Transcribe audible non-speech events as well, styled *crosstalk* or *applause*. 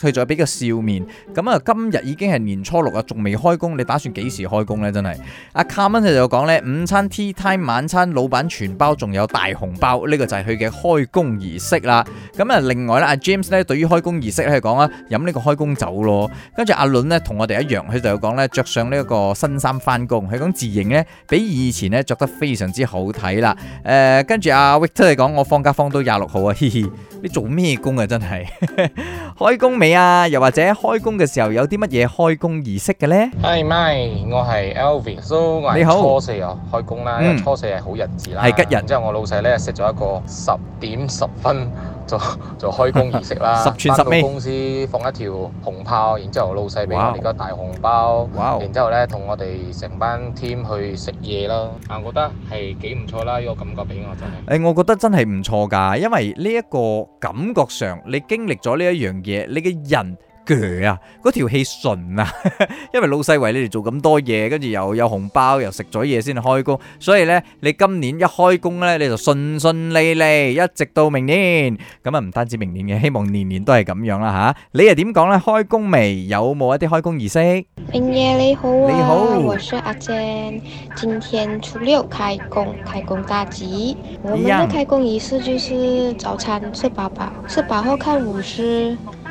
佢就比較笑面咁啊！今日已經係年初六啊，仲未開工，你打算幾時開工呢？真係阿 Carmen 佢就講呢：「午餐 tea time 晚餐老闆全包，仲有大紅包，呢、這個就係佢嘅開工儀式啦。咁啊，另外呢，阿 James 呢對於開工儀式咧，佢講啊，飲呢個開工酒咯。跟住阿倫呢，同我哋一樣，佢就講呢：「着上呢一個新衫翻工，佢講自認呢，比以前呢着得非常之好睇啦。誒、呃，跟住阿、啊、Victor 係講我放假放到廿六號 *laughs* 啊，嘻嘻，你做咩工啊？真係開工未？啊，又或者開工嘅時候有啲乜嘢開工儀式嘅呢？Hi，Mike，我係 Alvin 蘇，我係初四哦，開工啦，嗯、因為初四係好日子啦，係吉人。之後我老細呢，set 咗一個十點十分。就就開工儀式啦，十翻 *laughs* 到公司放一條紅炮，然之後老細俾我哋個大紅包，Wow. 然之後咧同我哋成班 team 去食嘢咯。啊，我覺得係幾唔錯啦，呢、這個感覺俾我真係。誒、欸，我覺得真係唔錯㗎，因為呢、這、一個感覺上，你經歷咗呢一樣嘢，你嘅人。啊！嗰條氣順啊，因為老細為你哋做咁多嘢，跟住又有紅包，又食咗嘢先開工，所以呢，你今年一開工呢，你就順順利利，一直到明年，咁啊唔單止明年嘅，希望年年都係咁樣啦吓、啊。你又點講呢？開工未有冇一啲開工儀式？明爺你，啊、你好，你好，我是阿珍，今天初六開工，開工大吉。我們的開工儀式就是早餐吃飽飽，吃飽後開午市。